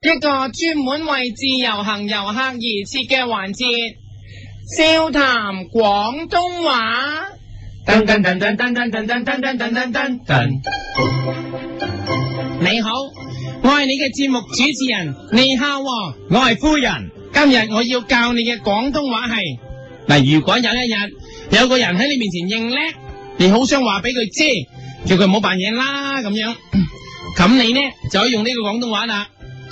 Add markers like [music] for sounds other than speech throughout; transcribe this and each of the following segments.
一個專門為自由行遊客而設嘅環節，笑談廣東話。噔噔噔噔噔噔噔噔噔噔噔噔噔。你好，我係你嘅節目主持人。你好，我係夫人。今日我要教你嘅廣東話係嗱。如果有一日有個人喺你面前認叻，你好想話俾佢知，叫佢唔好扮嘢啦咁樣，咁你呢，就可以用呢個廣東話啦。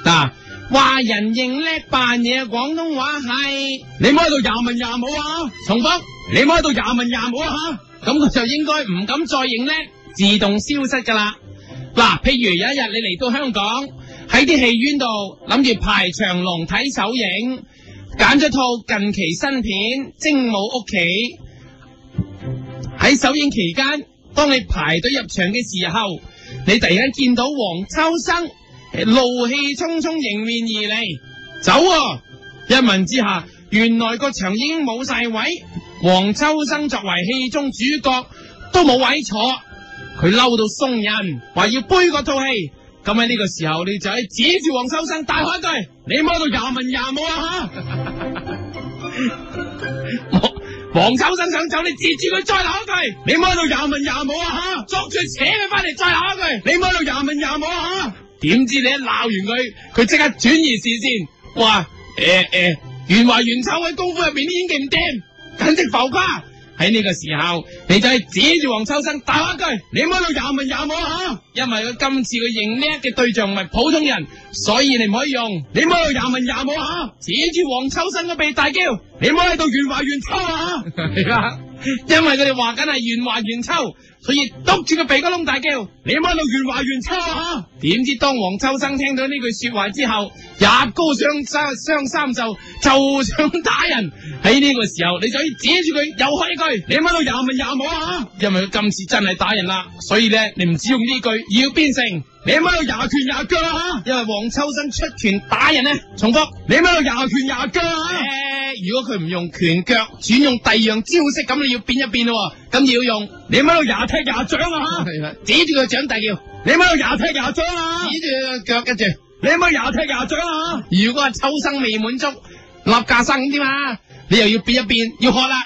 嗱、啊，話人認叻扮嘢，廣東話係你唔好喺度也文也武啊！重複，你唔好喺度也文也武啊！吓，咁佢就應該唔敢再認叻，自動消失噶啦。嗱、啊，譬如有一日你嚟到香港，喺啲戲院度諗住排長龍睇首映，揀咗套近期新片《精武屋企》。喺首映期間，當你排隊入場嘅時候，你突然間見到黃秋生，怒氣沖沖迎面而嚟，走啊！一問之下，原來個場已經冇晒位，黃秋生作為戲中主角都冇位坐，佢嬲到鬆人，話要背嗰套戲。咁喺呢個時候，你就係指住黃秋生大喊一句，你摸到也文也武啊！吓，黃秋生想走，你截住佢再喊一句，你摸到也文也武啊！吓，捉住扯佢翻嚟再喊一句，你摸到也文也武啊！吓！點知你一鬧完佢，佢即刻轉移視線，話誒誒，元華元秋喺功夫入邊啲演技唔掂，簡直浮誇。喺呢個時候，你就係指住黃秋生打一句，你唔好喺度也文也武啊！因為佢今次佢認叻嘅對象唔係普通人，所以你唔可以用。你唔好喺度也文也武啊！指住黃秋生嘅鼻大叫，你唔好喺度元華元秋啊！ [laughs] [laughs] 因為佢哋話緊係元華元秋」，所以督住個鼻哥窿，大叫：你喺度元華元秋啊」！啊！點知當黃秋生聽到呢句說話之後，廿高雙三雙三袖就想打人。喺呢個時候，你就要指住佢又開一句：你喺度廿咪廿摸啊！因為佢今次真係打人啦，所以咧你唔只用呢句，要變成你喺度廿拳廿腳啊！因為黃秋生出拳打人咧，重複你喺度廿拳廿腳啊！如果佢唔用拳腳，轉用第二樣招式，咁你要變一變咯。咁要用，你喺度也踢也掌啊！哈，指住佢掌大叫，你喺度也踢也掌啊！指住佢腳跟住，你喺度也踢也掌啊！如果係秋生未滿足，立架生點嘛？你又要變一變，要喝啦！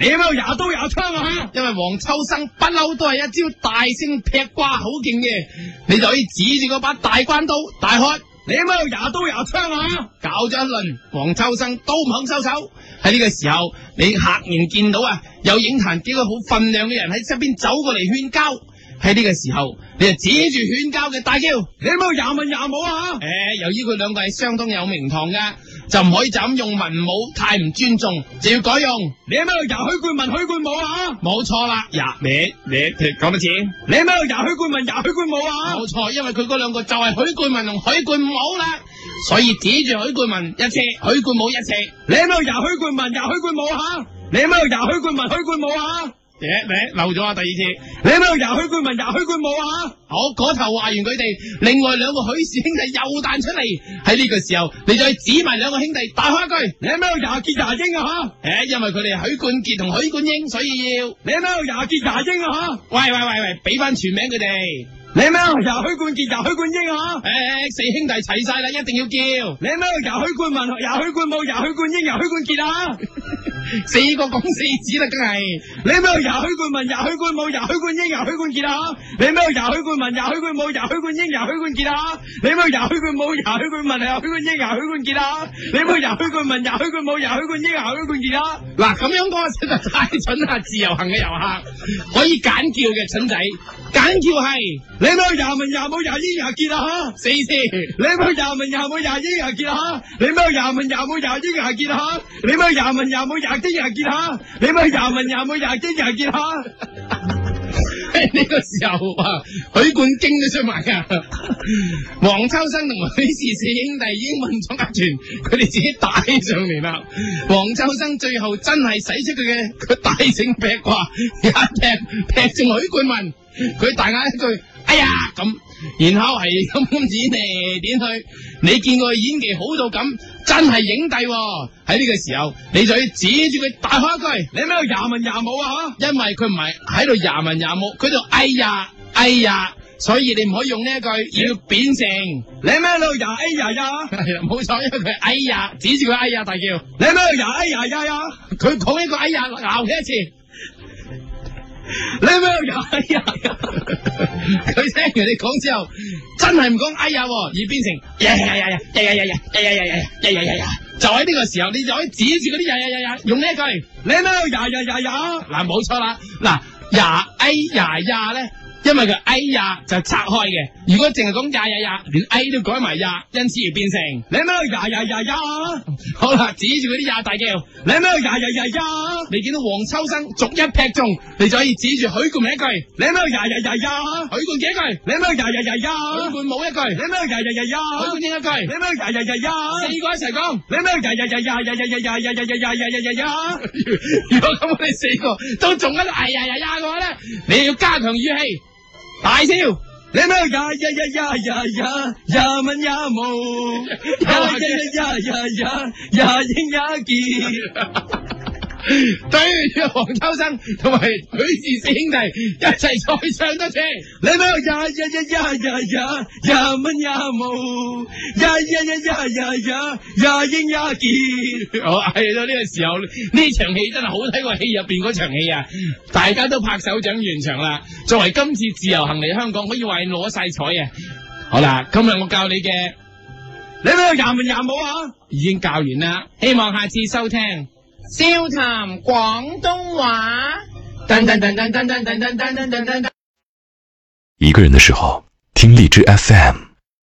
你喺度也刀也槍啊！因為黃秋生不嬲都係一招大聲劈瓜好勁嘅，你就可以指住嗰把大關刀大開。你喺邊度也刀也槍啊？搞咗一輪，黃秋生都唔肯收手。喺呢個時候，你客人見到啊，有影壇幾個好份量嘅人喺側邊走過嚟勸交。喺呢個時候，你就指住勸交嘅大叫，你喺邊度也文也武啊？誒、呃，由於佢兩個係相當有名堂噶。就唔可以就咁用文武，太唔尊重，就要改用。你喺咪度也許冠文、也許冠武啊？冇錯啦。呀，你你講多次，你喺咪度也許冠文、也許冠武啊？冇錯，因為佢嗰兩個就係許冠文同許冠武啦，所以指住許冠文一次，許冠武一次。你喺咪度也許冠文、也許冠武啊？你喺咪度也許冠文、也許冠武啊？嘢，你漏咗啊！第二次，你喺邊度？由許冠文、由許冠武啊！好，嗰頭話完佢哋，另外兩個許氏兄弟又彈出嚟。喺呢個時候，你再指埋兩個兄弟，打開一句，你喺邊度？由傑由英啊！吓，誒，因為佢哋係許冠傑同許冠英，所以要。你喺邊度？由傑由英啊！吓，喂喂喂喂，俾翻全名佢哋。你喺邊度？由許冠傑、由許冠英啊！誒，四兄弟齊晒啦，一定要叫。你喺邊度？由許冠文、由許冠武、由許冠英、由許冠傑啊！四個講四字啦，梗係你咩？廿許冠文、廿許冠武、廿許冠英、廿許冠傑啊！吓你咩？廿許冠文、廿許冠武、廿許冠英、廿許冠傑啊！你咩？廿許冠武、廿許冠文、廿許冠英、廿許冠傑啊！你咩？廿許冠文、廿許冠武、廿許冠英、廿許冠傑啊！嗱，咁樣講啊，實在太蠢啦！自由行嘅遊客可以揀叫嘅蠢仔，揀叫係你咩？廿文廿武廿英廿傑啊！吓，四字。你咩？廿文廿武廿英廿傑啊！吓，你咩？廿文廿武廿英廿傑啊！你咩？廿文廿武也英也傑吓，你咪也文也武也英也傑吓。呢個時候啊，許冠英都出埋啊，黃秋生同許氏四兄弟已經混咗一拳，佢哋自己打起上嚟啦。黃秋生最後真係使出佢嘅佢大聖劈掛，一劈劈中許冠文，佢大嗌一句。哎呀，咁，然後係咁點嚟，點去，你見佢演技好到咁，真係影帝喎，哦。喺呢個時候，你就要指住佢大喊一句，你咩邊度也文也武啊？吓，因為佢唔係喺度也文也武，佢就哎呀哎呀，所以你唔可以用呢一句，要變成你咩邊度哎呀呀？冇錯，因為佢哎呀，指住佢哎呀大叫，你咩邊度哎呀呀呀？佢講一個哎呀，鬧佢一次。你咩？哎呀，佢聽完你講之後，真係唔講哎呀，而變成呀呀呀呀呀呀呀呀呀呀呀呀呀呀呀呀，就喺呢個時候，你就可以指住嗰啲呀呀呀呀，用呢一句，你咩？呀呀呀呀，嗱冇錯啦，嗱呀哎呀呀咧。因為佢 A 呀，就拆開嘅，如果淨係咁呀呀呀，連 A 都改埋呀，因此而變成你咩？呀呀呀呀！好啦，指住嗰啲呀大叫，你咩？呀呀呀呀！」你見到黃秋生逐一劈中，你就可以指住許冠文一句，你咩？呀呀呀呀！」許冠傑一句，你咩？呀呀呀呀！」許冠武一句，你咩？呀呀呀呀！」許冠英一句，你咩？呀呀呀呀！」四個一齊講，你咩？呀呀呀呀呀呀呀呀呀呀！」如果咁我哋四個都仲喺度嗌呀呀呀咁你要加強語氣，大笑。你咩廿廿廿廿廿廿廿蚊廿毛，廿廿廿廿廿廿廿英件。對， [laughs] 黃秋生同埋許氏四兄弟一齊再唱多次， [music] 你咪，也也也也也也也，也文也武，也也也也也也也，也英也傑。哦，係咯，呢、這個時候呢場戲真係好睇過戲入邊嗰場戲啊！大家都拍手掌完場啦。作為今次自由行嚟香港，可以話攞晒彩啊！好啦，今日我教你嘅，你咪也文也武啊？已經教完啦，希望下次收聽。笑談廣東話，一個人的時候，聽荔枝 FM。